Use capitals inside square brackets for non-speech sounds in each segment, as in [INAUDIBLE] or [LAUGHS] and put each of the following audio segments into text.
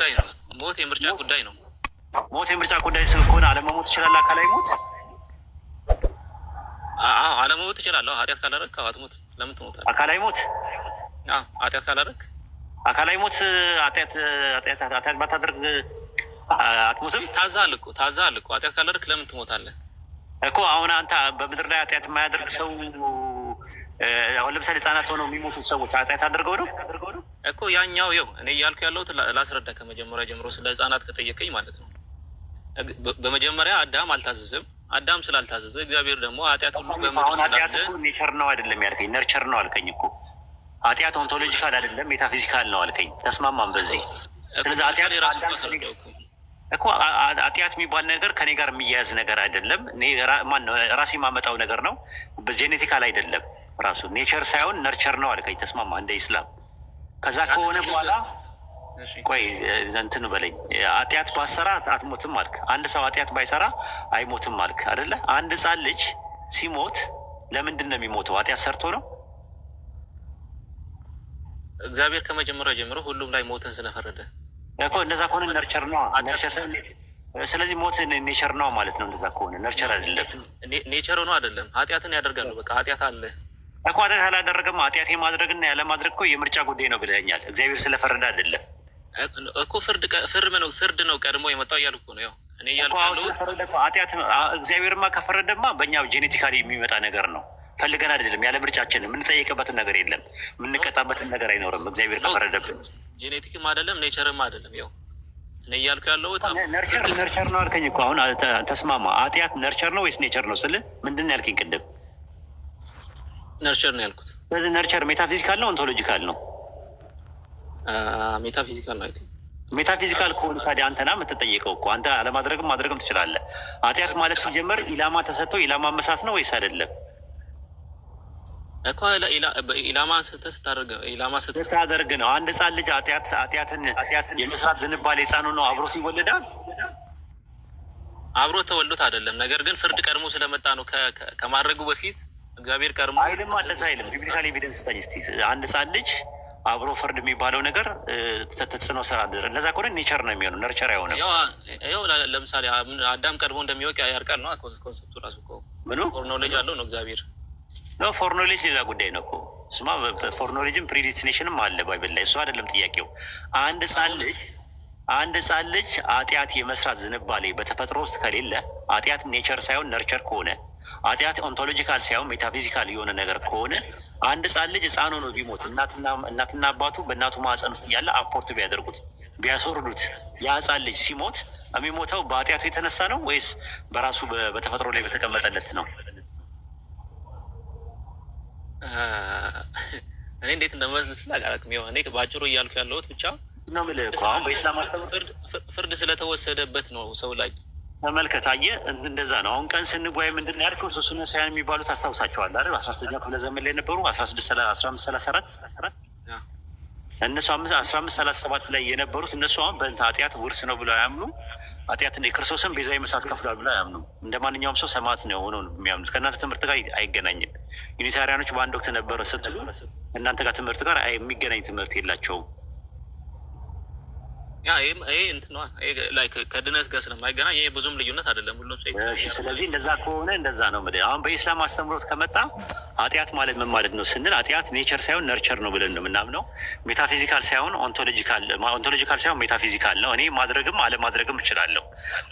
ጉዳይ ነው። ሞት የምርጫ ጉዳይ ነው። ሞት የምርጫ ጉዳይ ስለሆነ አለመሞት ይችላል። አካላዊ ሞት አለመሞት ይችላል። ኃጢአት ካላረግ አትሞት። ለምን ትሞታል? አካላዊ ሞት ኃጢአት ካላረግ አካላዊ ሞት ኃጢአት ባታደርግ አትሞትም። ታዛል እኮ ታዛል እኮ ኃጢአት ካላደርግ ለምን ትሞታለህ እኮ። አሁን አንተ በምድር ላይ ኃጢአት የማያደርግ ሰው አሁን ለምሳሌ ህጻናት ሆነው የሚሞቱ ሰዎች ኃጢአት አድርገው ነው እኮ ያኛው ይኸው እኔ እያልኩ ያለሁት ላስረዳ። ከመጀመሪያ ጀምሮ ስለ ህጻናት ከጠየቀኝ ማለት ነው። በመጀመሪያ አዳም አልታዘዘም። አዳም ስላልታዘዘ እግዚአብሔር ደግሞ ኃጢአት ሁሉ ኔቸር ነው አይደለም ያልከኝ፣ ነርቸር ነው አልከኝ እኮ ኃጢአት ኦንቶሎጂካል አይደለም ሜታፊዚካል ነው አልከኝ። ተስማማም በዚህ ስለዚህ እኮ ኃጢአት የሚባል ነገር ከኔ ጋር የሚያያዝ ነገር አይደለም። ራሴ የማመጣው ነገር ነው። በጄኔቲካል አይደለም ራሱ ኔቸር ሳይሆን ነርቸር ነው አልከኝ። ተስማማ እንደ ኢስላም ከዛ ከሆነ በኋላ ቆይ እንትን በለኝ አጢአት ባሰራ አትሞትም አልክ። አንድ ሰው አጢአት ባይሰራ አይሞትም አልክ አደለ? አንድ ህፃን ልጅ ሲሞት ለምንድን ነው የሚሞተው? አጢአት ሰርቶ ነው? እግዚአብሔር ከመጀመሪያ ጀምሮ ሁሉም ላይ ሞትን ስለፈረደ እኮ እንደዛ ከሆነ ነርቸር ነዋ። ስለዚህ ሞት ኔቸር ነዋ ማለት ነው። እንደዛ ከሆነ ነርቸር አይደለም ኔቸር ሆኖ አይደለም ኃጢአትን ያደርጋሉ። በቃ ኃጢአት አለ እኮ ኃጢአት አላደረገም። ኃጢአት የማድረግና ያለማድረግ እኮ የምርጫ ጉዳይ ነው ብለኛል። እግዚአብሔር ስለፈረደ አይደለም እኮ ፍርድ ነው ቀድሞ የመጣው እያልኩ ነው። እኔ እግዚአብሔርማ ከፈረደማ በእኛ ጄኔቲካሊ የሚመጣ ነገር ነው። ፈልገን አይደለም፣ ያለ ምርጫችን የምንጠየቅበትን ነገር የለም፣ የምንቀጣበትን ነገር አይኖርም። እግዚአብሔር ከፈረደብን ጄኔቲክም አይደለም ኔቸርም አይደለም። ያው እኔ እያልኩ ያለሁት ነርቸር ነው አልከኝ እኮ አሁን ተስማማ። ኃጢአት ነርቸር ነው ወይስ ኔቸር ነው ስል ምንድን ነው ያልከኝ ቅድም? ነርቸር ነው ያልኩት። ስለዚህ ነርቸር ሜታፊዚካል ነው ኦንቶሎጂካል ነው? ሜታፊዚካል ነው። ሜታፊዚካል ከሆኑ ታዲያ አንተና የምትጠየቀው እኮ አንተ አለማድረግም ማድረግም ትችላለህ። አጢአት ማለት ሲጀመር ኢላማ ተሰጥቶ ኢላማ መሳት ነው ወይስ አይደለም? ኢላማ ስታደርግ ነው። አንድ ህፃን ልጅ አጢአትን የመስራት ዝንባሌ ህፃኑ ነው አብሮት ይወለዳል። አብሮ ተወልዶት አይደለም። ነገር ግን ፍርድ ቀድሞ ስለመጣ ነው ከማድረጉ በፊት እግዚአብሔር ቀድሞ አይልም እንደዛ አይልም። ቢብሊካል ኤቪደንስ ስጠኝ እስኪ። አንድ ህፃን ልጅ አብሮ ፍርድ የሚባለው ነገር ተጽዕኖ ስራ እንደዛ ከሆነ ኔቸር ነው የሚሆነው፣ ነርቸር አይሆንም። ይኸው ለምሳሌ አዳም ቀድሞ እንደሚወቅ ያርቃል ነው ኮንሰፕቱ ራሱ እኮ ምኑ ፎርኖሌጅ አለው ነው እግዚአብሔር ነው። ፎርኖሌጅ ሌላ ጉዳይ ነው እኮ ስማ፣ ፎርኖሌጅም ኖሌጅም ፕሪዲስቲኔሽንም አለ ባይብል ላይ። እሱ አይደለም ጥያቄው። አንድ ህፃን ልጅ አንድ ህፃን ልጅ አጢአት የመስራት ዝንባሌ በተፈጥሮ ውስጥ ከሌለ አጢአት ኔቸር ሳይሆን ነርቸር ከሆነ አጢአት ኦንቶሎጂካል ሳይሆን ሜታፊዚካል የሆነ ነገር ከሆነ አንድ ህፃን ልጅ ህፃን ሆኖ ቢሞት እናትና አባቱ በእናቱ ማዕፀን ውስጥ እያለ አፖርት ቢያደርጉት ቢያስወርዱት ያ ህፃን ልጅ ሲሞት የሚሞተው በአጢአቱ የተነሳ ነው ወይስ በራሱ በተፈጥሮ ላይ በተቀመጠለት ነው? እኔ እንዴት እንደመዝል ስላቀረቅም የሆነ በአጭሩ እያልኩ ያለሁት ብቻ ነው የምልህ እኮ አሁን በኢስላም አስተምሮ ፍርድ ስለተወሰደበት ነው ሰው ላይ ተመልከት ተመልከታየ እንደዛ ነው። አሁን ቀን ስንጓይ ምንድን ነው ያልከው? ሶስቱ ነሳያን የሚባሉት አስታውሳቸዋል አይደል? አስራ ስድስተኛው ክፍለ ዘመን ላይ የነበሩ አስራ አምስት ሰላሳ አራት እነሱ አስራ አምስት ሰላሳ ሰባት ላይ የነበሩት እነሱ አሁን በእንትን ኃጢአት ውርስ ነው ብለው አያምኑ። ኃጢአት ክርስቶስን ቤዛ መስዋዕት ከፍሏል ብለው አያምኑ። እንደ ማንኛውም ሰው ሰማዕት ነው ሆነው የሚያምኑት። ከእናንተ ትምህርት ጋር አይገናኝም። ዩኒታሪያኖች በአንድ ወቅት ነበረ ስትሉ እናንተ ጋር ትምህርት ጋር የሚገናኝ ትምህርት የላቸውም። ከድነት ጋር ስለማይገናኝ ይሄ ብዙም ልዩነት አይደለም። ሁሉም ስለዚህ እንደዛ ከሆነ እንደዛ ነው የምልህ። አሁን በኢስላም አስተምሮት ከመጣ አጢአት ማለት ምን ማለት ነው ስንል አጢአት ኔቸር ሳይሆን ነርቸር ነው ብለን ነው የምናምነው። ሜታፊዚካል ሳይሆን ኦንቶሎጂካል፣ ኦንቶሎጂካል ሳይሆን ሜታፊዚካል ነው። እኔ ማድረግም አለማድረግም እችላለሁ።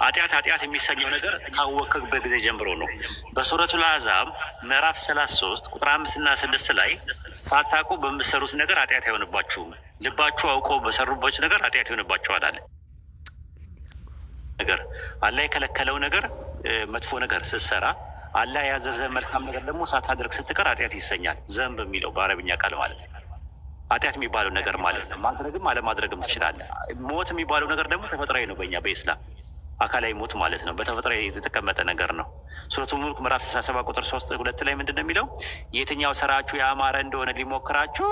አጢአት አጢአት የሚሰኘው ነገር ካወቅክበት ጊዜ ጀምሮ ነው። በሱረቱ አሕዛብ ምዕራፍ ሰላሳ ሶስት ቁጥር አምስትና ስድስት ላይ ሳታውቁ በምትሰሩት ነገር አጢአት አይሆንባችሁም ልባችሁ አውቆ በሰሩቦች ነገር ኃጢአት ይሆንባችኋል አለ። ነገር አላ የከለከለው ነገር መጥፎ ነገር ስትሰራ አላህ ያዘዘ መልካም ነገር ደግሞ ሳታደርግ ስትቀር ኃጢአት ይሰኛል። ዘንብ የሚለው በአረብኛ ቃል ማለት ነው። ኃጢአት የሚባለው ነገር ማለት ነው። ማድረግም አለማድረግም ትችላለህ። ሞት የሚባለው ነገር ደግሞ ተፈጥሯዊ ነው። በእኛ በኢስላም አካላዊ ሞት ማለት ነው። በተፈጥሯዊ የተቀመጠ ነገር ነው። ሱረቱ ሙልክ ምዕራፍ ስልሳ ሰባት ቁጥር ሶስት ሁለት ላይ ምንድን ነው የሚለው? የትኛው ስራችሁ የአማረ እንደሆነ ሊሞክራችሁ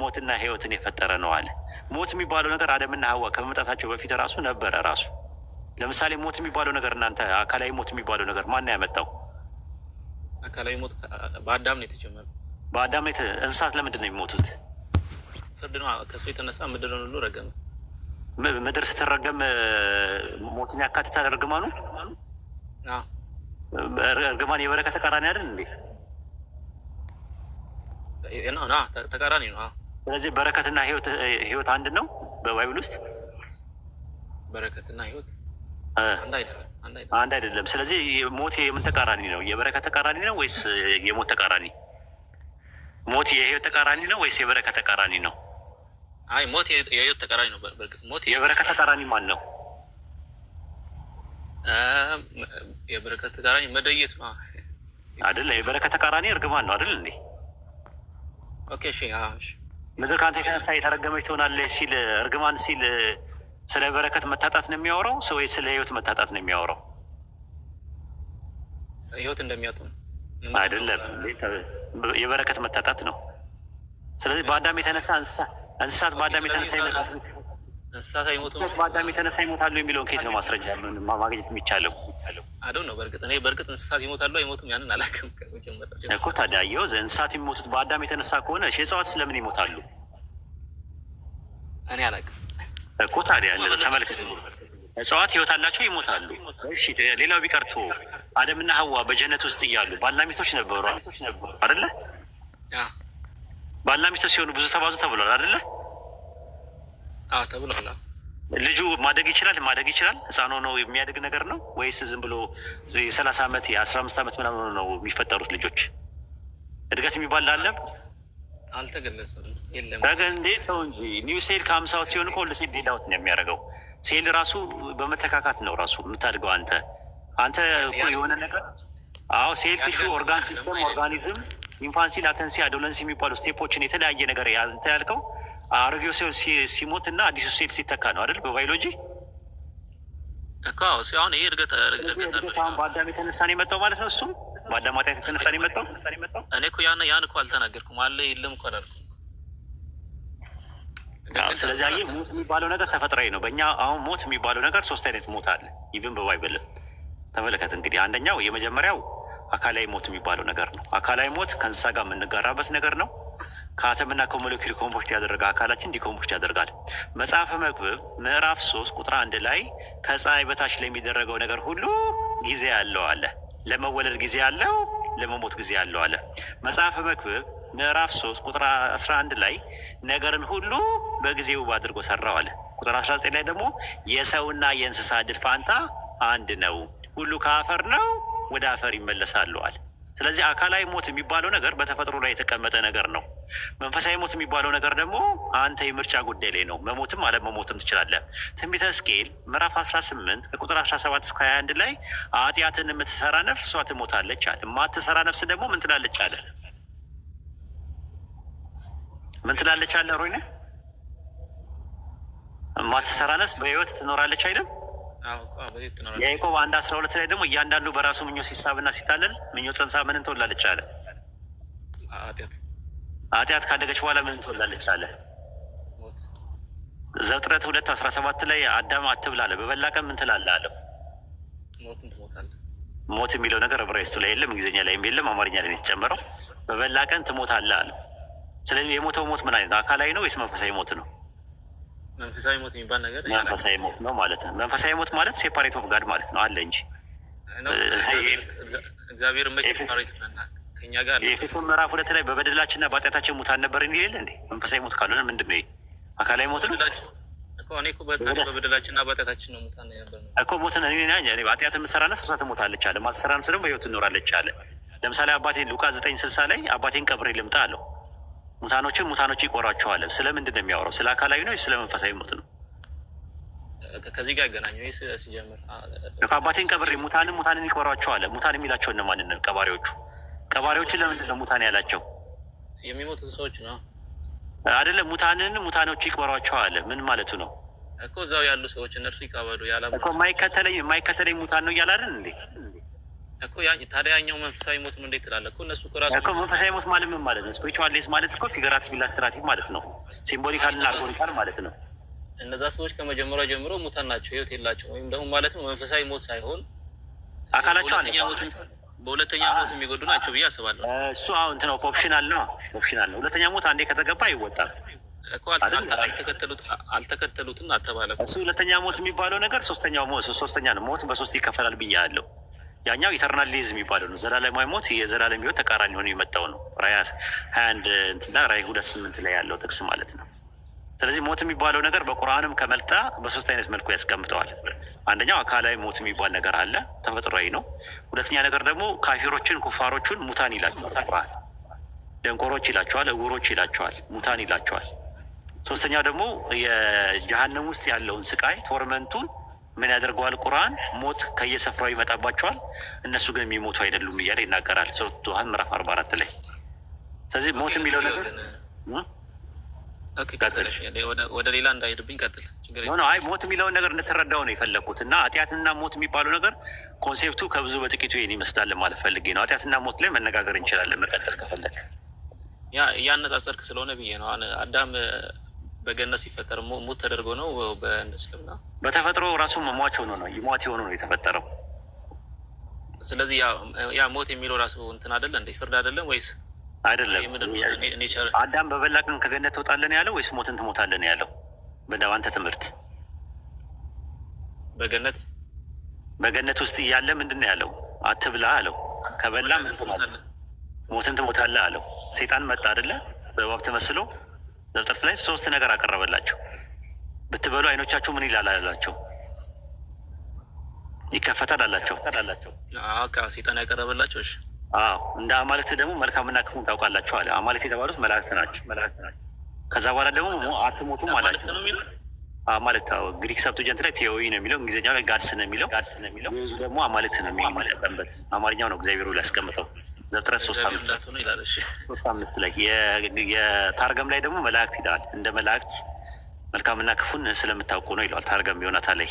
ሞትና ህይወትን የፈጠረ ነው አለ። ሞት የሚባለው ነገር አደምና ሀዋ ከመምጣታቸው በፊት ራሱ ነበረ። ራሱ ለምሳሌ ሞት የሚባለው ነገር እናንተ አካላዊ ሞት የሚባለው ነገር ማን ያመጣው? አካላዊ ሞት በአዳም ነው በአዳም ነው። እንስሳት ለምንድን ነው የሚሞቱት? ፍርድ ነው። የተነሳ ምድርን ሁሉ ረገመ። ምድር ስትረገም ሞትን ያካትታል እርግማኑ። እርግማን የበረከት ተቃራኒ አይደል እንዴ? ተቃራኒ ነው። ስለዚህ በረከትና ህይወት አንድ ነው። በባይብል ውስጥ በረከትና ህይወት አንድ አይደለም። ስለዚህ ሞት የምን ተቃራኒ ነው? የበረከት ተቃራኒ ነው ወይስ የሞት ተቃራኒ? ሞት የህይወት ተቃራኒ ነው ወይስ የበረከት ተቃራኒ ነው? አይ ሞት የህይወት ተቃራኒ ነው። ሞት የበረከት ተቃራኒ ማን ነው? የበረከት ተቃራኒ መደየት ነው አይደለ? የበረከት ተቃራኒ እርግማን ነው አይደል እንዴ? ኦኬ እሺ። ምድር ከአንተ የተነሳ የተረገመች ትሆናለች ሲል እርግማን ሲል ስለ በረከት መታጣት ነው የሚያወራው ሰው ስለ ህይወት መታጣት ነው የሚያወራው? ህይወት እንደሚያጡ አይደለም፣ የበረከት መታጣት ነው። ስለዚህ በአዳም የተነሳ እንስሳት በአዳም የተነሳ እንስሳት አይሞትም በአዳም የተነሳ ይሞታሉ የሚለውን ኬስ ነው ማስረጃ ማግኘት የሚቻለው። አደው ነው በእርግጥ እኔ በእርግጥ እንስሳት ይሞታሉ አይሞቱም ያንን አላውቅም እኮ ታዲያ የው እንስሳት የሚሞቱት በአዳም የተነሳ ከሆነ እሺ እጽዋት ስለምን ይሞታሉ? እኔ አላውቅም እኮ ታዲያ ተመልክት እጽዋት ህይወት አላቸው ይሞታሉ። እሺ ሌላው ቢቀርቶ አደምና ሀዋ በጀነት ውስጥ እያሉ ባላሚቶች ነበሩ አይደለ? ባላሚቶች ሲሆኑ ብዙ ተባዙ ተብሏል አይደለ? ተብሏል። ልጁ ማደግ ይችላል ማደግ ይችላል። ህፃኖ ነው የሚያድግ ነገር ነው ወይስ ዝም ብሎ የሰላሳ ዓመት የአስራ አምስት ዓመት ምናምን ነው የሚፈጠሩት ልጆች? እድገት የሚባል አለ አልተገለጸም። እንዴ ነው እንጂ ኒው ሴል ከሀምሳዎት ሲሆን እኮ ሴል ሌላውት ነው የሚያደርገው። ሴል ራሱ በመተካካት ነው ራሱ የምታድገው። አንተ አንተ እኮ የሆነ ነገር አዎ፣ ሴል ቲሹ፣ ኦርጋን ሲስተም፣ ኦርጋኒዝም፣ ኢንፋንሲ፣ ላተንሲ፣ አዶለንስ የሚባሉ ስቴፖችን የተለያየ ነገር አንተ ያልከው አሮጌው ሴል ሲሞት እና አዲሱ ሴል ሲተካ ነው አይደል? በባዮሎጂ ሲሆን ይሄ እርግጥ አሁን በአዳም የተነሳ ነው የመጣው ማለት ነው። እሱም በአዳም ኃጢአት የተነሳ ነው የመጣው። እኔ እኮ ያን ያን እኮ አልተናገርኩም አለ የለም እኮ አላልኩም። ስለዚህ አየህ ሞት የሚባለው ነገር ተፈጥሯዊ ነው። በእኛ አሁን ሞት የሚባለው ነገር ሶስት አይነት ሞት አለ። ይብን በባይብል ተመለከት እንግዲህ አንደኛው የመጀመሪያው አካላዊ ሞት የሚባለው ነገር ነው። አካላዊ ሞት ከእንስሳ ጋር የምንጋራበት ነገር ነው። ከአተምና ከሞለኪል ኮምፖስት ያደረገ አካላችን እንዲኮምፖስት ያደርጋል። መጽሐፈ መክብብ ምዕራፍ ሶስት ቁጥር አንድ ላይ ከፀሐይ በታች ለሚደረገው ነገር ሁሉ ጊዜ ያለው አለ። ለመወለድ ጊዜ ያለው፣ ለመሞት ጊዜ ያለው አለ። መጽሐፈ መክብብ ምዕራፍ ሶስት ቁጥር አስራ አንድ ላይ ነገርን ሁሉ በጊዜው ውብ አድርጎ ሰራው አለ። ቁጥር አስራ ዘጠኝ ላይ ደግሞ የሰውና የእንስሳ ድል ፋንታ አንድ ነው፣ ሁሉ ከአፈር ነው፣ ወደ አፈር ይመለሳሉ አለ። ስለዚህ አካላዊ ሞት የሚባለው ነገር በተፈጥሮ ላይ የተቀመጠ ነገር ነው። መንፈሳዊ ሞት የሚባለው ነገር ደግሞ አንተ የምርጫ ጉዳይ ላይ ነው። መሞትም አለመሞትም ትችላለህ። ትንቢተ ሕዝቅኤል ምዕራፍ 18 ከቁጥር 17 እስከ 21 ላይ አጢአትን የምትሰራ ነፍስ እሷ ትሞታለች አለ። የማትሰራ ነፍስ ደግሞ ምን ትላለች አለ። ምን ትላለች አለ። ሮይነ የማትሰራ ነፍስ በህይወት ትኖራለች አይደለም። ያዕቆብ አንድ አስራ ሁለት ላይ ደግሞ እያንዳንዱ በራሱ ምኞት ሲሳብና ሲታለል ምኞት ጸንሳ ምንን ትወላለች አለ ኃጢአት ካደገች በኋላ ምን ትወላለች አለ። ዘፍጥረት ሁለት አስራ ሰባት ላይ አዳም አትብላለ በበላ ቀን ምን ትላለ አለው። ሞት የሚለው ነገር ዕብራይስጡ ላይ የለም፣ እንግሊዝኛ ላይም የለም፣ አማርኛ ላይ የተጨመረው በበላ ቀን አለ አለ። ስለዚህ የሞተው ሞት ምን አይነት አካላዊ ነው ወይስ መንፈሳዊ ሞት ነው? መንፈሳዊ ሞት የሚባል ነገር መንፈሳዊ ሞት ነው ማለት ነው። መንፈሳዊ ሞት ማለት ሴፓሬት ኦፍ ጋድ ማለት ነው አለ እንጂ እግዚአብሔር ሴፓሬት ከኛ ጋር የኤፌሶን ምዕራፍ ሁለት ላይ በበደላችንና በኃጢአታችን ሙታን ነበር እንዲል የለ እንዴ? መንፈሳዊ ሞት ካልሆነ ምንድን ነው? አካላዊ ሞት ነው እኮ ሞት ኃጢአት የምትሰራና ሰብሳ ትሞታለች አለ። ማልሰራም ስለም በህይወት እኖራለች አለ። ለምሳሌ አባቴን ሉቃስ ዘጠኝ ስልሳ ላይ አባቴን ቀብሬ ልምጣ አለው። ሙታኖችን ሙታኖች ይቆራቸዋል። ስለምንድን ነው የሚያወራው? ስለ አካላዊ ነው? ስለ መንፈሳዊ ሞት ነው? ከዚህ ጋር ያገናኘው ሲጀምር አባቴን ቀብሬ ሙታንን ሙታንን ይቆራቸዋል። ሙታን የሚላቸው እነማንን? ቀባሪዎቹ ቀባሪዎችን ለምንድን ነው ሙታን ያላቸው? የሚሞቱን ሰዎች ነው አይደለም። ሙታንን ሙታኖቹ ይቅበሯቸው አለ። ምን ማለቱ ነው እኮ? እዛው ያሉ ሰዎች እነርሱ ይቀበሉ። የማይከተለኝ የማይከተለኝ ሙታን ነው እያላለን እንዴ እኮ ታዲያ ያኛው መንፈሳዊ ሞት ምን እንዴት ትላለህ? እኮ እነሱ ራሱ እኮ መንፈሳዊ ሞት ማለት ምን ማለት ነው? ስፒሪቹዋሌስ ማለት እኮ ፊገራት ሚላስትራቲቭ ማለት ነው። ሲምቦሊካል እና አርጎኒካል ማለት ነው። እነዛ ሰዎች ከመጀመሪያ ጀምሮ ሙታን ናቸው፣ ህይወት የላቸው ወይም ደግሞ ማለት ነው መንፈሳዊ ሞት ሳይሆን አካላቸው አለ በሁለተኛ ሞት የሚጎዱ ናቸው ብዬ አስባለሁ። እሱ አሁን እንትን ኦፕሽን አለ ኦፕሽን አለ። ሁለተኛ ሞት አንዴ ከተገባ ይወጣል። አልተከተሉትም አልተባለም። እሱ ሁለተኛ ሞት የሚባለው ነገር ሶስተኛው ሞት ሶስተኛ ነው። ሞት በሶስት ይከፈላል ብዬ አለው። ያኛው ኢተርናል ሊዝ የሚባለው ነው። ዘላለማዊ ሞት የዘላለም ሕይወት ተቃራኒ ሆኖ የመጣው ነው። ራይ ሀያ አንድ ራይ ሁለት ስምንት ላይ ያለው ጥቅስ ማለት ነው። ስለዚህ ሞት የሚባለው ነገር በቁርአንም ከመልጣ በሶስት አይነት መልኩ ያስቀምጠዋል። አንደኛው አካላዊ ሞት የሚባል ነገር አለ፣ ተፈጥሯዊ ነው። ሁለተኛ ነገር ደግሞ ካፊሮችን ኩፋሮቹን ሙታን ይላቸዋል ደንቆሮች ይላቸዋል፣ እውሮች ይላቸዋል፣ ሙታን ይላቸዋል። ሶስተኛው ደግሞ የጀሃነም ውስጥ ያለውን ስቃይ ቶርመንቱን ምን ያደርገዋል? ቁርአን ሞት ከየሰፍራው ይመጣባቸዋል፣ እነሱ ግን የሚሞቱ አይደሉም እያለ ይናገራል ሱረቱ ዱሃ ምዕራፍ አርባ አራት ላይ ስለዚህ ሞት የሚለው ነገር ወደ ሌላ እንዳይሄድብኝ ቀጥል። አይ ሞት የሚለውን ነገር እንድትረዳው ነው የፈለግኩት እና አጢአትና ሞት የሚባለው ነገር ኮንሴፕቱ ከብዙ በጥቂቱ ይህን ይመስላል ማለት ፈልጌ ነው። አጢአትና ሞት ላይ መነጋገር እንችላለን መቀጠል ከፈለግ። ያ እያነጻጸርክ ስለሆነ ብዬ ነው። አዳም በገነት ሲፈጠር ሞት ተደርጎ ነው በእስልምና በተፈጥሮ ራሱ መሟች ሆኖ ነው ይሟት የሆኑ ነው የተፈጠረው። ስለዚህ ያ ሞት የሚለው ራሱ እንትን አይደለ እንደ ፍርድ አይደለም ወይስ አይደለም አዳም በበላ ቀን ከገነት ትወጣለን ያለው ወይስ ሞትን ትሞታለን ያለው? በዳዋንተ ትምህርት በገነት በገነት ውስጥ እያለ ምንድን ነው ያለው? አትብላ አለው። ከበላ ሞትን ትሞታለ አለው። ሴጣን መጣ አደለ? በእባብ ተመስሎ ዘፍጥረት ላይ ሶስት ነገር አቀረበላቸው። ብትበሉ አይኖቻችሁ ምን ይላል አላቸው? ይከፈታል አላቸው። ሴጣን ያቀረበላቸው እንደ አማልክት ደግሞ መልካምና ክፉን ታውቃላችሁ አለ። አማልክት የተባሉት መላእክት ናቸው። ከዛ በኋላ ደግሞ አትሞቱም ማለት አማልክት ግሪክ ሰብቶጀንት ላይ ቴዎዊ ነው የሚለው፣ እንግሊዝኛው ላይ ጋድስ ነው የሚለው፣ ደግሞ አማልክት ነው የሚቀበት። አማርኛው ነው እግዚአብሔሩ ላይ ያስቀምጠው ዘፍጥረት ሶስት አምስት ላይ የታርገም ላይ ደግሞ መላእክት ይለዋል። እንደ መላእክት መልካምና ክፉን ስለምታውቁ ነው ይለዋል ታርገም የሆናታ ላይ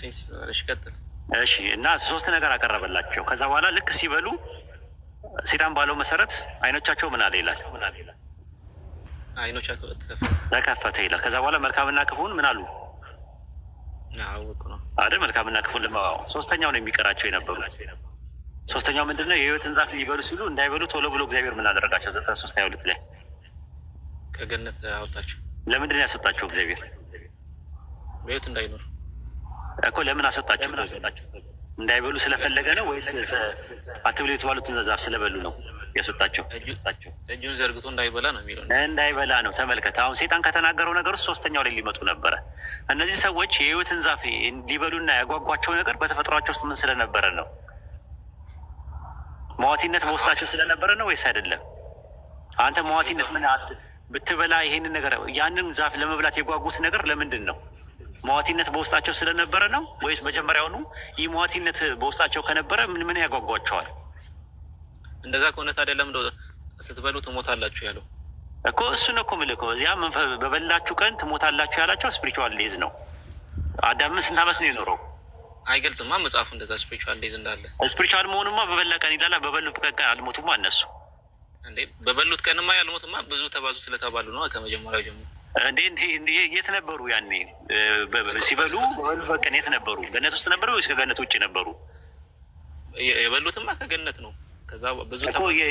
ሴንስ እሺ እና ሶስት ነገር አቀረበላቸው። ከዛ በኋላ ልክ ሲበሉ ሴጣን ባለው መሰረት አይኖቻቸው ምን አለ ይላል፣ አይኖቻቸው ተከፈተ ይላል። ከዛ በኋላ መልካምና ክፉን ምን አሉ አደ መልካምና ክፉን ልማዋው ሶስተኛው ነው የሚቀራቸው የነበሩ ሶስተኛው ምንድን ነው? የህይወትን ዛፍ ሊበሉ ሲሉ እንዳይበሉ ቶሎ ብሎ እግዚአብሔር ምን አደረጋቸው? ዘፍጥረት ሶስት ሀያ ሁለት ላይ ከገነት አወጣቸው። ለምንድን ነው ያስወጣቸው እግዚአብሔር በህይወት እንዳይኖር እኮ ለምን አስወጣቸው? እንዳይበሉ ስለፈለገ ነው ወይስ አትብሉ የተባሉትን ዛፍ ስለበሉ ነው ያስወጣቸው? እጁን ዘርግቶ እንዳይበላ ነው የሚለው እንዳይበላ ነው። ተመልከት፣ አሁን ሴጣን ከተናገረው ነገር ውስጥ ሶስተኛው ላይ ሊመጡ ነበረ። እነዚህ ሰዎች የህይወትን ዛፍ እንዲበሉና ያጓጓቸው ነገር በተፈጥሯቸው ውስጥ ምን ስለነበረ ነው? መዋቲነት በውስጣቸው ስለነበረ ነው ወይስ አይደለም? አንተ መዋቲነት ምን ብትበላ ይሄንን ነገር ያንን ዛፍ ለመብላት የጓጉት ነገር ለምንድን ነው? መዋቲነት በውስጣቸው ስለነበረ ነው ወይስ መጀመሪያውኑ ይህ መዋቲነት በውስጣቸው ከነበረ ምን ምን ያጓጓቸዋል? እንደዛ ከሆነ ታዲያ ስትበሉ ትሞታላችሁ ያለው እኮ እሱን እኮ ምልኮ እዚያ በበላችሁ ቀን ትሞታላችሁ ያላቸው ስፒሪቹዋል ሌዝ ነው። አዳምን ስንት ዓመት ነው የኖረው? አይገልጽማ መጽሐፉ እንደዛ ስፒሪቹዋል ሌዝ እንዳለ። ስፒሪቹዋል መሆኑማ በበላ ቀን ይላላ። በበሉት ቀን አልሞቱማ እነሱ እንዴ። በበሉት ቀንማ ያልሞትማ ብዙ ተባዙ ስለተባሉ ነው ከመጀመሪያው ጀምሮ የት ነበሩ? ያኔ ሲበሉ በቀን የት ነበሩ? ገነት ውስጥ ነበሩ ወይስ ከገነት ውጭ ነበሩ? የበሉትማ ከገነት ነው። ከዛ ብዙ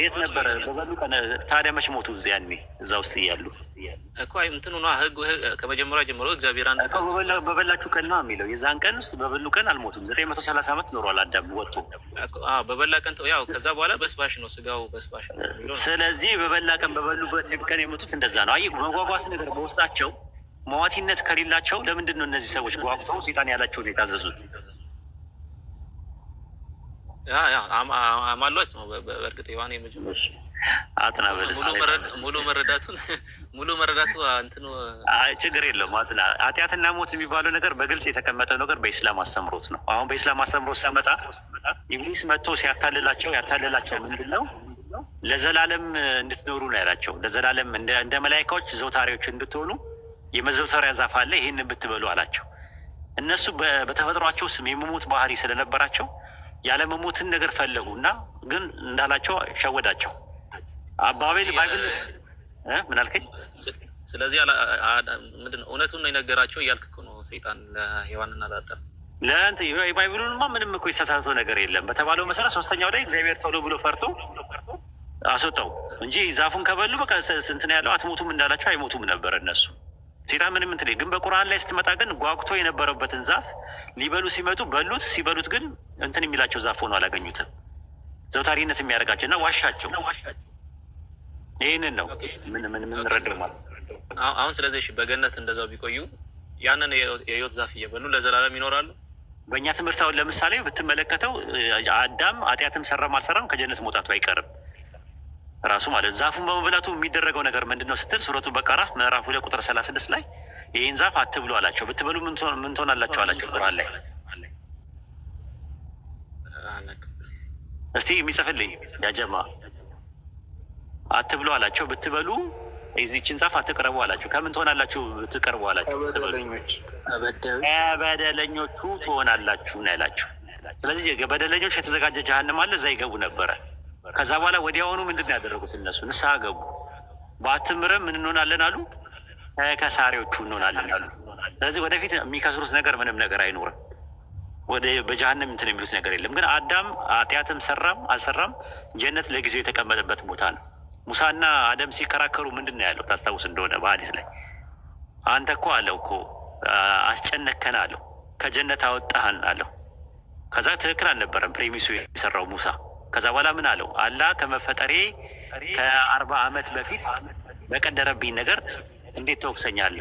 የት ነበረ በበሉ ቀን ታዲያ መች ሞቱ? ያኔ እዛ ውስጥ እያሉ እኮ እንትኑ ነ ህግ ከመጀመሪያ ጀምሮ እግዚአብሔር አንድ በበላችሁ ቀን ነው የሚለው። የዛን ቀን ውስጥ በበሉ ቀን አልሞቱም። ዘጠኝ መቶ ሰላሳ ዓመት ኖሯል አዳም ወጥቶ በበላ ቀን ያው ከዛ በኋላ በስባሽ ነው ስጋው በስባሽ ነው። ስለዚህ በበላ ቀን በበሉበት ቀን የሞቱት እንደዛ ነው። አይ መጓጓት ነገር በውስጣቸው መዋቲነት ከሌላቸው ለምንድን ነው እነዚህ ሰዎች ጓጉተው ሴጣን ያላቸውን የታዘዙት? አማሏች ነው። በእርግጥ ዋን አጥና ሙሉ መረዳቱን [LAUGHS] ሙሉ መረዳቱ እንትኑ ችግር የለውም። አጥና ኃጢአትና ሞት የሚባለው ነገር በግልጽ የተቀመጠ ነገር በኢስላም አስተምሮት ነው። አሁን በኢስላም አስተምሮት ሲያመጣ ኢብሊስ መጥቶ ሲያታልላቸው ያታልላቸው ምንድን ነው? ለዘላለም እንድትኖሩ ነው ያላቸው። ለዘላለም እንደ መላይካዎች ዘውታሪዎች እንድትሆኑ የመዘውተሪያ ዛፍ አለ፣ ይህን ብትበሉ አላቸው። እነሱ በተፈጥሯቸው ስም የመሞት ባህሪ ስለነበራቸው ያለመሞትን ነገር ፈለጉ እና ግን እንዳላቸው ሸወዳቸው። አባቤል ባይብል ምን አልከኝ? ስለዚህ ምንድን ነው እውነቱን ነው የነገራቸው እያልክ እኮ ነው ሰይጣን ለሔዋንና እናላዳል ለእንት የባይብሉንማ ምንም እኮ የተሳሳተው ነገር የለም። በተባለው መሰረት ሶስተኛው ላይ እግዚአብሔር ተብሎ ብሎ ፈርቶ አስወጣው እንጂ ዛፉን ከበሉ በቃ ስንትን ያለው አትሞቱም እንዳላቸው አይሞቱም ነበር እነሱ ሴጣን ምንም እንትን ግን በቁርአን ላይ ስትመጣ ግን ጓጉቶ የነበረበትን ዛፍ ሊበሉ ሲመጡ በሉት። ሲበሉት ግን እንትን የሚላቸው ዛፍ ሆኖ አላገኙትም። ዘውታሪነት የሚያደርጋቸው እና ዋሻቸው ይህንን ነው የምንረዳው ማለት አሁን። ስለዚህ እሺ፣ በገነት እንደዛው ቢቆዩ ያንን የህይወት ዛፍ እየበሉ ለዘላለም ይኖራሉ። በእኛ ትምህርት አሁን ለምሳሌ ብትመለከተው አዳም ኃጢአትም ሰራም አልሰራም ከጀነት መውጣቱ አይቀርም ራሱ ማለት ዛፉን በመብላቱ የሚደረገው ነገር ምንድን ነው ስትል ሱረቱ በቀራ ምዕራፍ ሁለት ቁጥር ሰላሳ ስድስት ላይ ይህን ዛፍ አትብሉ አላቸው። ብትበሉ ምን ትሆናላቸው አላቸው ቁርአን ላይ እስቲ የሚጽፍልኝ ያጀማ አትብሎ አላቸው። ብትበሉ የዚችን ዛፍ አትቅረቡ አላቸው። ከምን ትሆናላችሁ? ትቀርቡ አላቸው። ትሆናላችሁ ነው ያላቸው። ስለዚህ በደለኞች የተዘጋጀ ጀሃንም አለ፣ እዛ ይገቡ ነበረ። ከዛ በኋላ ወዲያውኑ ምንድን ነው ያደረጉት? እነሱ ንስሐ ገቡ። በአትምረም ምን እንሆናለን አሉ፣ ከሳሪዎቹ እንሆናለን አሉ። ስለዚህ ወደፊት የሚከስሩት ነገር ምንም ነገር አይኖርም። ወደ በጀሃነም እንትን የሚሉት ነገር የለም። ግን አዳም ኃጢአትም ሰራም አልሰራም ጀነት ለጊዜው የተቀመጠበት ቦታ ነው። ሙሳና አደም ሲከራከሩ ምንድን ነው ያለው? ታስታውስ እንደሆነ በሐዲስ ላይ አንተ እኮ አለው እኮ አስጨነከን አለው ከጀነት አወጣህን አለው። ከዛ ትክክል አልነበረም ፕሬሚሱ የሰራው ሙሳ። ከዛ በኋላ ምን አለው? አላህ ከመፈጠሬ ከአርባ ዓመት በፊት በቀደረብኝ ነገር እንዴት አለ።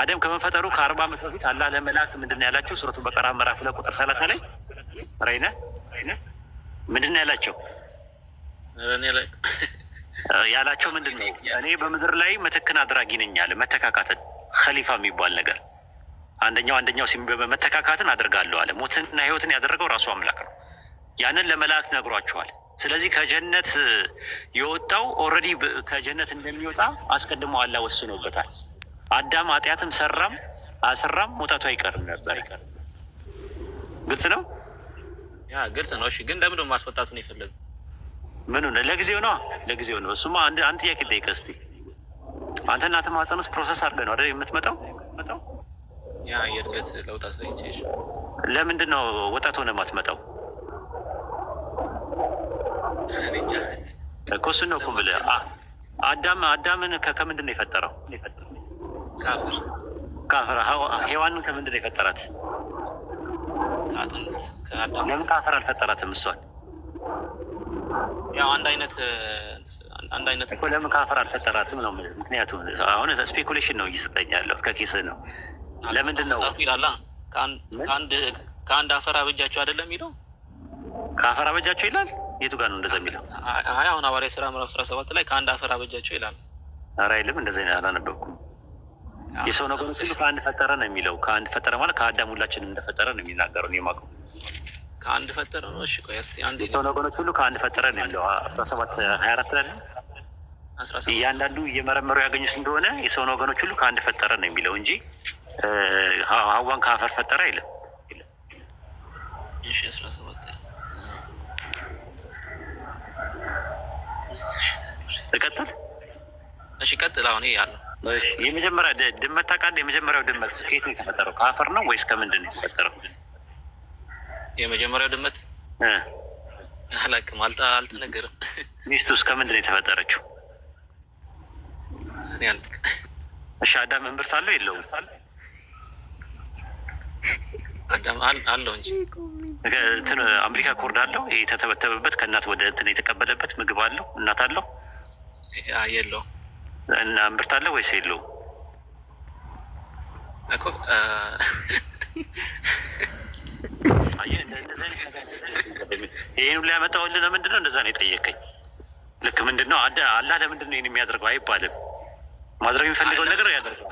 አደም ከመፈጠሩ ከአርባ ዓመት በፊት አላህ ለመላእክት ምንድን ነው ያላቸው? ሱረቱ በቀራ ምዕራፍ ላይ ቁጥር ሰላሳ ላይ ረይነ ምንድን ነው ያላቸው? ያላቸው ምንድን ነው? እኔ በምድር ላይ ምትክን አድራጊ ነኝ አለ። መተካካትን ከሊፋ የሚባል ነገር አንደኛው አንደኛው መተካካትን አድርጋለሁ አለ። ሞትንና ህይወትን ያደረገው ራሱ አምላክ ነው። ያንን ለመላእክት ነግሯቸዋል። ስለዚህ ከጀነት የወጣው ኦልሬዲ ከጀነት እንደሚወጣ አስቀድሞ አላ ወስኖበታል። አዳም ኃጢአትም ሰራም አሰራም ሙተቱ አይቀርም ነበር። ግልጽ ነው፣ ግልጽ ነው። እሺ ግን ለምን ማስወጣቱ ነው የፈለገው? ምኑ ለጊዜው ነው፣ ለጊዜው ነው። እሱማ አንድ አንድ ጥያቄ ጠይቀህ እስኪ አንተ እናትህ ማህፀን ውስጥ ፕሮሰስ አድርገህ ነው አይደል የምትመጣው? ያ የእድገት ለውጥ አሳይቼ ለምንድን ነው ወጣት ሆነ የማትመጣው? እኮ እሱን ነው እኮ የምልህ። አዳም አዳምን ከምንድን ነው የፈጠረው? ካፍራ ሔዋንን ከምንድን ነው የፈጠራት? ለምን ካፈር አልፈጠራትም? እሷን ያው አንድ አይነት አንድ አይነት እኮ ለምን ካፈር አልፈጠራትም ነው። ምክንያቱም አሁን ስፔኩሌሽን ነው እየሰጠኛለሁ ከኪስ ነው። ለምንድን ነው ይላላ ከአንድ አፈር አበጃቸው አይደለም የሚለው ከአፈር አበጃቸው ይላል። የቱ ጋር ነው እንደዛ የሚለው? አሁን ሐዋርያት ሥራ ምዕራፍ አስራ ሰባት ላይ ከአንድ አፈር አበጃቸው ይላል። ኧረ አይልም እንደዚህ አላነበብኩም። የሰው ነገሮች ሁሉ ከአንድ ፈጠረ ነው የሚለው። ከአንድ ፈጠረ ማለት ከአዳም ሁላችንም እንደፈጠረ ነው የሚናገረው። እኔ የማውቀው ከአንድ ፈጠረ ነው። እሺ ቆይ እስኪ አንድ የሰው ነገሮች ሁሉ ከአንድ ፈጠረ ነው የሚለው አስራ ሰባት ሀያ አራት ላይ እያንዳንዱ እየመረመሩ ያገኙት እንደሆነ የሰውን ወገኖች ሁሉ ከአንድ ፈጠረ ነው የሚለው እንጂ ሀዋን ከአፈር ፈጠረ አይልም። እቀጥል እሺ፣ ቀጥል አሁን ያለው የመጀመሪያ ድመት ታውቃለህ? የመጀመሪያው ድመት ከየት ነው የተፈጠረው? ከአፈር ነው ወይስ ከምንድን ነው የተፈጠረው? የመጀመሪያው ድመት አላውቅም፣ አልተነገረም። ሚስቱስ ከምንድን ነው የተፈጠረችው? እሺ፣ አዳም እምብርት አለው የለውም? አዳም አለው እንጂ አምሪካ ኮርድ አለው። የተተበተበበት ከእናት ወደ እንትን የተቀበለበት ምግብ አለው። እናት አለው የለውም? እና ምርት አለ ወይስ የለውም? ይህን ሁሉ ያመጣሁልህ ለምንድን ነው? እንደዛ ነው የጠየቀኝ። ልክ ምንድን ነው አላህ ለምንድን ነው ይህን የሚያደርገው አይባልም። ማድረግ የሚፈልገውን ነገር ያደርገው።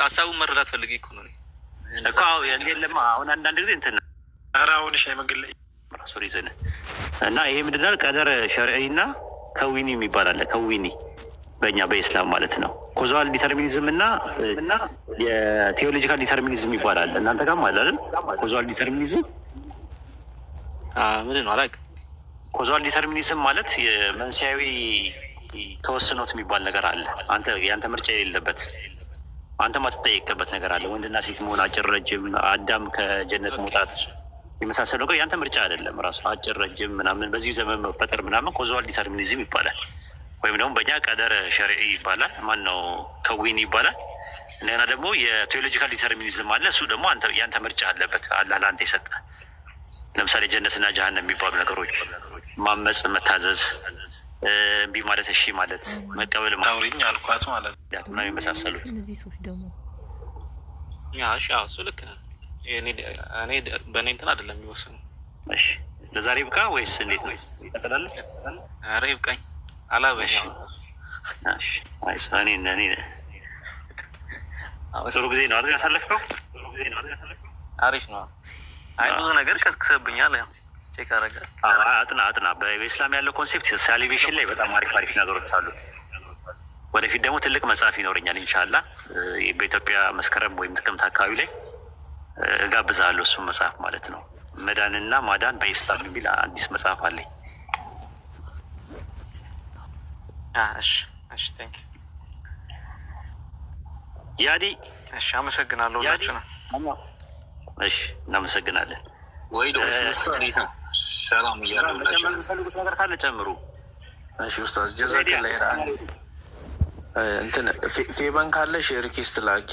ሀሳቡን መረዳት ፈልግ እኮ ነው እኮ የለም። አሁን አንዳንድ ጊዜ እንትን ራሁን ሻይ መንገድ ላይ ራሱ እና ይሄ ምንድን ነው ቀደር ሸርዒና ከዊኒ የሚባል አለ ከዊኒ በእኛ በኢስላም ማለት ነው። ኮዛል ዲተርሚኒዝም እና የቴዎሎጂካል ዲተርሚኒዝም ይባላል። እናንተ ጋም አለ አይደል? ኮዛል ዲተርሚኒዝም ምንድን ነው አላውቅም። ኮዛል ዲተርሚኒዝም ማለት የመንስያዊ ተወስኖት የሚባል ነገር አለ። አንተ የአንተ ምርጫ የሌለበት አንተ ማትጠየቅበት ነገር አለ። ወንድና ሴት መሆን፣ አጭር ረጅም፣ አዳም ከጀነት መውጣት የመሳሰሉ ነገር የአንተ ምርጫ አይደለም። ራሱ አጭር ረጅም ምናምን በዚህ ዘመን መፈጠር ምናምን ኮዛል ዲተርሚኒዝም ይባላል። ወይም ደግሞ በእኛ ቀደር ሸርዒ ይባላል። ማን ነው ከዊን ይባላል። እንደገና ደግሞ የቴዎሎጂካል ዲተርሚኒዝም አለ። እሱ ደግሞ ያንተ ምርጫ አለበት፣ አላህ ለአንተ የሰጠ ለምሳሌ ጀነትና ጀሃነም የሚባሉ ነገሮች፣ ማመፅ፣ መታዘዝ፣ እምቢ ማለት፣ እሺ ማለት፣ መቀበል፣ ታውሪኝ አልኳት ማለት ነው የመሳሰሉት እሱ ልክ እኔ በእኔ እንትን አይደለም የሚወስነው። ለዛሬ ብቃ ወይስ እንዴት ነው? ይቀጥላል። ይብቃኝ። ጥሩ ጊዜ ነው አሪፍ ነው። አይ ብዙ ነገር ቼክ አጥና አጥና። በኢስላም ያለው ኮንሴፕት ሳሊቬሽን ላይ በጣም አሪፍ አሪፍ ነገሮች አሉት። ወደፊት ደግሞ ትልቅ መጽሐፍ ይኖረኛል ኢንሻላ በኢትዮጵያ መስከረም ወይም ጥቅምት አካባቢ ላይ እጋብዛለሁ። እሱም መጽሐፍ ማለት ነው መዳንና ማዳን በኢስላም የሚል አዲስ መጽሐፍ አለኝ። እሺ ቴንክ ያዲ እሺ፣ አመሰግናለሁ። ሁላችሁ ነው። እሺ፣ እናመሰግናለን። ወይ ሰላም እያለ የሚፈልጉት ነገር ካለ ጨምሩ። እሺ ኡስታዝ ጀዛከላ ይራን እንትን ፌበን ካለ ሪኩዌስት ላኪ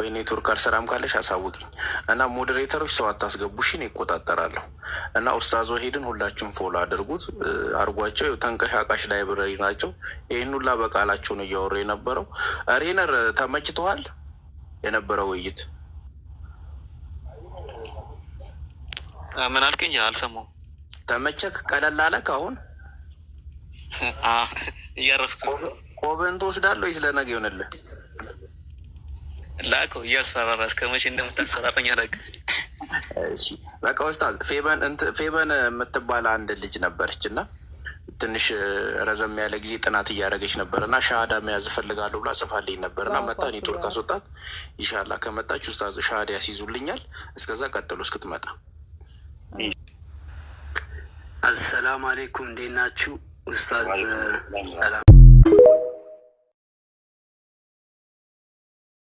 ወይ ኔትወርክ አልሰራም ካለሽ አሳውቅኝ እና ሞዴሬተሮች ሰው አታስገቡ፣ ሽን ይቆጣጠራለሁ እና ኡስታዞ ሄድን ሁላችሁም ፎሎ አድርጉት አድርጓቸው። ተንቀሳቃሽ ላይብረሪ ናቸው። ይህን ሁላ በቃላቸው እያወሩ የነበረው። ሬነር ተመችተዋል የነበረው ውይይት ምን አልከኝ? አልሰማሁም። ተመቸክ? ቀለል አለክ? አሁን እያረፍክ ቆብህን ትወስዳለህ ወይስ ለነገ ይሆንልህ? ላከው እያስፈራራ እስከ መቼ እንደምታስፈራረኝ አላውቅም። በቃ ኡስታዝ ፌበን የምትባል አንድ ልጅ ነበረች እና ትንሽ ረዘም ያለ ጊዜ ጥናት እያደረገች ነበር እና ሻሃዳ መያዝ እፈልጋለሁ ብላ ጽፋልኝ ነበር እና መታ ኔትወርክ አስወጣት። ይሻላ ከመጣች ኡስታዝ ሻሃዳ ያስይዙልኛል። እስከዛ ቀጥሎ እስክትመጣ። አሰላሙ አሌይኩም እንዴት ናችሁ ኡስታዝ? ሰላም